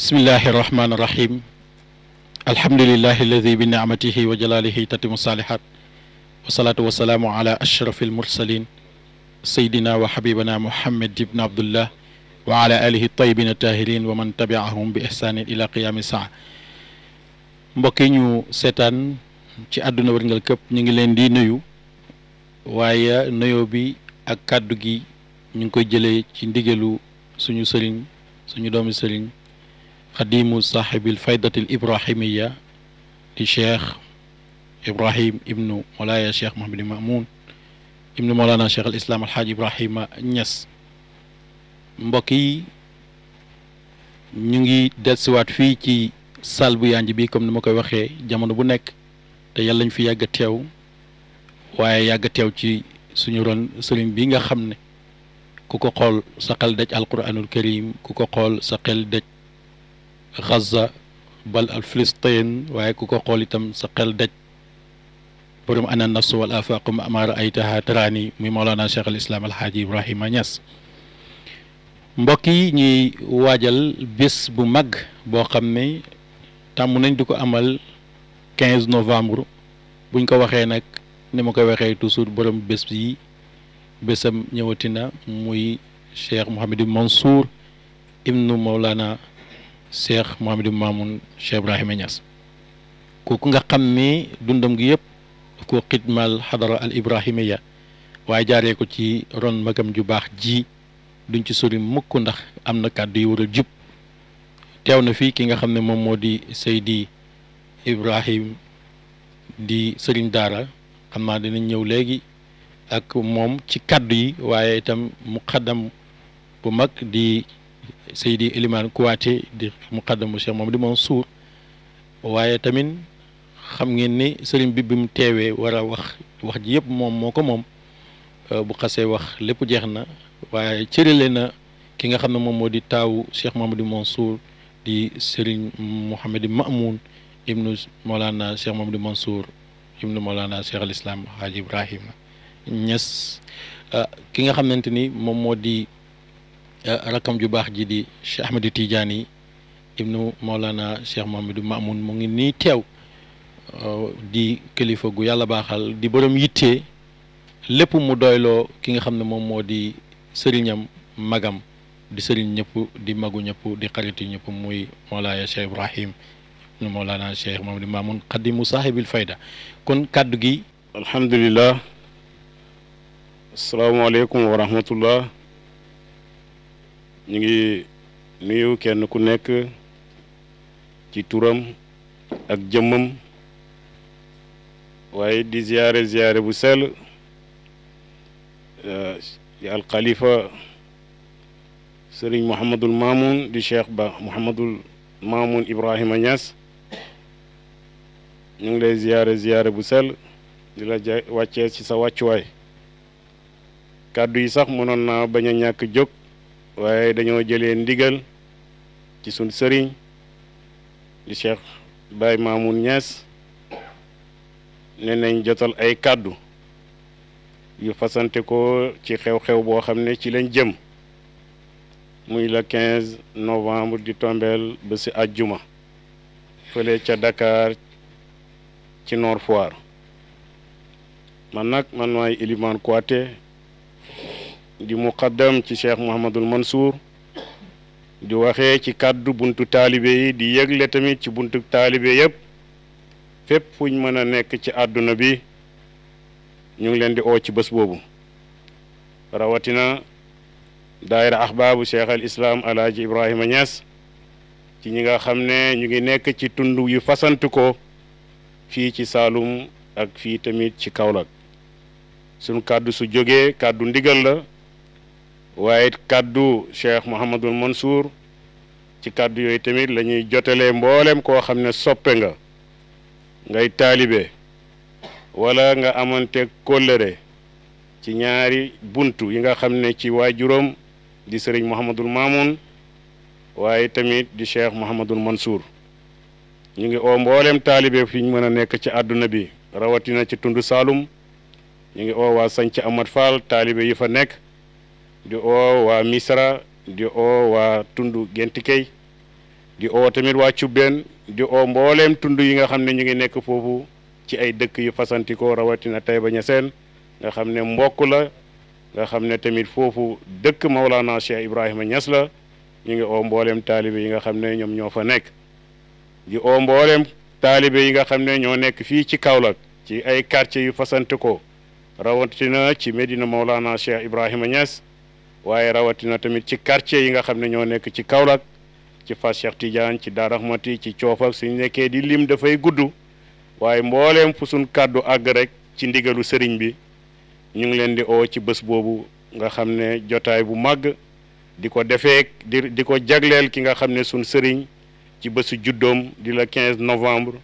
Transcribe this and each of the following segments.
بسم الله الرحمن الرحيم الحمد لله الذي بنعمته وجلاله تتم الصالحات والصلاة والسلام على أشرف المرسلين سيدنا وحبيبنا محمد بن عبد الله وعلى آله الطيبين الطاهرين ومن تبعهم بإحسان إلى قيام الساعة mbokki ñu seetaan ci àdduna wërngal këpp نيجي ngi leen di nuyu waaye nuyoo bi ak kàddu gi ñu ngi koy jëlee ci ndigalu suñu قديم صاحب الفائدة الإبراهيمية للشيخ إبراهيم ابن مولاي الشيخ محمد مأمون ابن مولانا شيخ الإسلام الحاج إبراهيم نيس مبكي ñu ngi dellusiwaat fii ci salle bu yanj bi comme ni ma koy waxee jamono bu nekk te yàlla ñu fi yàgg teew waaye yàgg teew ci suñu ron sëriñ bi nga xam ne ku ko xool sa xel daj alquranul karim ku ko xool sa xel daj Gaza bal al Filistin waaye ku ko xool itam sa xel daj borom ana nafs wal afaqu ma raaytaha taraani muy Mawlana Cheikh al Islam Al Hadji Ibrahima Niass mbokk yi ñuy waajal bis bu mag boo xam ne tàmm nañ di ko amal 15 novembre buñ ko waxee nag ni ma koy waxee toujours borom bés yi bésam ñëwatina muy Cheikh Mouhamadou Mansour ibnu Mawlana Cheikh Mouhamadou Mamoun Cheikh Ibrahima Niass kooku nga xam ni dundam gi yëpp ko xidmal xadara al ibrahimiya waaye jaaree ko ci ron magam ju baax ji duñ ci sori mukk ndax am na kàddu yu war jub teew na fii ki nga xam ne moom moo di Seydi Ibrahim di sëriñ daara xam naa dinañ ñëw léegi ak moom ci kàddu yi waaye itam muqaddam bu mag di Seydi Eliman Kouaté di muqaddamu Cheikh Mamadou Mansour waaye tamit xam ngeen ni sëriñ bi bi mu teewee war a wax wax ji yëpp moom moo ko moom euh, bu xasee wax lépp jeex na waaye cërale na ki nga xam ne moom moo di taawu Cheikh Mamadou Mansour di sëriñ Mouhamadi Mamoun ibnu Mawlana Cheikh Mamadou Mansour ibnu Mawlana Cheikh al Islam Haji Ibrahima euh, ki nga xamante ni moom moo di. Ya, rakam ju bax ji di Cheikh Ahmed Tidiane ibnu Maulana Cheikh Mamadou Mamoun mo ngi ni tew uh, di kalifa gu yalla baxal di borom yitte lepu mu lo ki nga xamne mom modi serignam magam di serign ñep di magu ñep di xaritu ñep muy maulana Cheikh Ibrahim ibnu Maulana Cheikh Mamadou Mamoun xadimu saaxibil fayda kon kaddu gi. alhamdulilah warahmatullah. wa ñu ngi nuyu kenn ku nekk ci turam ak jëmmam waaye di ziyaare ziyaare bu sell euh, di alxalifa sëriñ Mouhamadul Mamoun di Cheikh Ba Mouhamadul Mamoun Ibrahima Niass ñu ngi lay ziyaare ziyaare bu sel di la wàccee ci sa wàccuwaay kàddu yi sax mënoon na ba a ñàkk jóg waaye dañoo jëlee ndigal ci suñ sëriñ di Cheikh Baye Mamoun Niass ne jotal ay kàddu yu fasante ko ci xew-xew boo xam ne ci lañ jëm muy le 15 novembre di tombel ba ci àjjuma fële ca Dakar ci Nord Foire man nag man maay Elimane Kouaté di muqaddam ci cheikh Mouhamadul Mansour di waxee ci kàddu buntu taalibe yi di yëgle tamit ci buntu taalibe yépp fépp fuñ mën a nekk ci àdduna bi ñu ngi leen di oo ci bés boobu rawatina daayira ahbaabu cheikh al islam alaaji Ibrahima Niass ci ñi nga xam ne ñu ngi nekk ci tund yu fasantu ko fii ci Saalum ak fii tamit ci Kaolack sun kàddu su jógee kàddu ndigal la waaye kàddu Cheikh Mouhamadul Mansour ci kàddu yooyu tamit la ñuy jotalee mboolem koo xam ne soppe nga ngay taalibe wala nga amante kóllëre ci ñaari buntu yi nga xam ne ci waajuram di sëriñ Mouhamadul Mamoun waaye tamit di Cheikh Mouhamadul Mansour ñu ngi oo mboolem taalibe fi ñu mën a nekk ci àdduna bi rawatina ci tund Saalum ñu ngi oo waa Sanc Amat Fall taalibe yi fa nekk di oo waa Misra di oo waa tund Gentikey di oo tamit waa Cubbeen di oo mbooleem tund yi nga xam ne ñu ngi nekk foofu ci ay dëkk yu fasantikoo rawatina Taïba Niassène nga xam ne mbokk la xam ne tamit foofu dëkk Maulana Cheikh Ibrahima Niass la ñu ngi oo mbooleem taalibe yi nga xam ne ñoom ñoo fa nekk di oo mbooleem yi nga xam ne ñoo nekk fii ci Kaolack ci ay quartiers yu fasantikoo rawatina ci Medina Maulana Cheikh Ibrahima Niass waaye rawatina tamit ci quartier yi nga xam ne ñoo nekk ci Kaolack ci Fass Cheikh Tidiane ci Darou Rahmati ci Coof ak suñu nekkee di lim dafay gudd waaye mbooleem fu suñ kàddu àgg rek ci ndigalu sëriñ bi ñu ngi leen di oo ci bës boobu nga xam ne jotaay bu màgg di ko defee di di ko jagleel ki nga xam ne suñ sëriñ ci bésu juddoom di la 15 novembre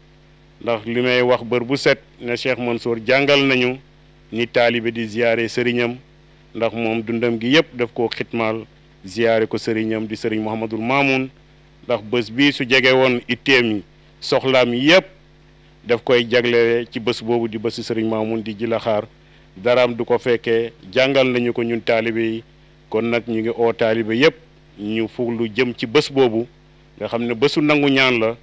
ndax li may wax bër bu set ne Cheikh Mansour jàngal nañu ni taalibe di ziyaare sëriñam ndax moom dundam gi yëpp def koo xitmaal ziyaare ko sëriñam di sëriñ Mouhamadul Mamoun ndax bés bii su jege woon iteem yi soxlaam yëpp daf koy jagle ci bés boobu di bésu sëriñ Mamoun di jilaxaar daraam du ko fekke jàngal nañu ko ñun taalibe yi kon nag ñu ngi oo taalibe yëpp ñu fu lu jëm ci bés boobu nga xam ne bésu nangu ñaan la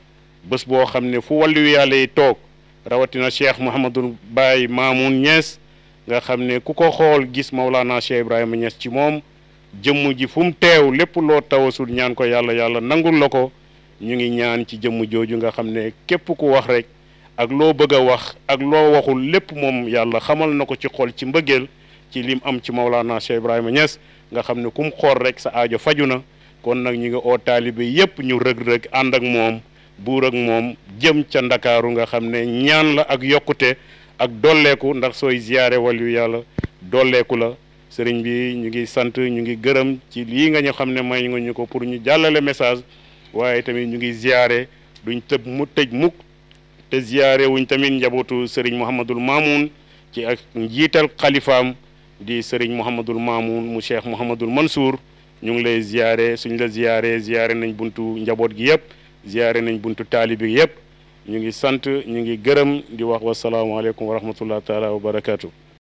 bés boo xam ne fu wàllu yi toog rawatina cheikh Mouhamadul Baye Mamoun Niass nga xam ne ku ko xool gis Mawlana Cheikh Ibrahima Niass ci moom jëmm ji fu mu teew lépp loo tawasul ñaan ko yàlla yàlla nangul la ko ñu ngi ñaan ci jëmm jooju nga xam ne képp ku wax rek ak loo bëgg a wax ak loo waxul lépp moom yàlla xamal na ko ci xool ci mbëggeel ci lim am ci Mawlana Cheikh Ibrahima Niass nga xam ne ku mu xool rek sa aajo faju na kon nag ñu ngi oo taalibe yépp ñu rëg-rëg ànd ak moom buur ak moom jëm ca ndakaaru nga xam ne ñaan la ak yokkute ak dolleeku ndax sooy ziyaare wàllu yàlla dolleeku la sëriñ bi ñu ngi sant ñu ngi gërëm ci lii nga ñu xam ne may nga ñu ko pour ñu jàllale message waaye tamit ñu ngi ziyaare duñ tëb mu tëj mukk te ziyaare wuñ tamit njabootu sëriñ Mouhamadul Mamoun ci ak njiital xalifaam di sëriñ Mouhamadul Mamoun mu cheikh Mouhamadul Mansour ñu ngi lay ziyaare suñ la ziyaare ziyaare nañ buntu njaboot gi yëpp ziyaare nañ buntu taalibi yëpp. ñu ngi sant ñu ngi gërëm di wax wasalaamaaleykum wa rahmatullah taala wa barakaatu.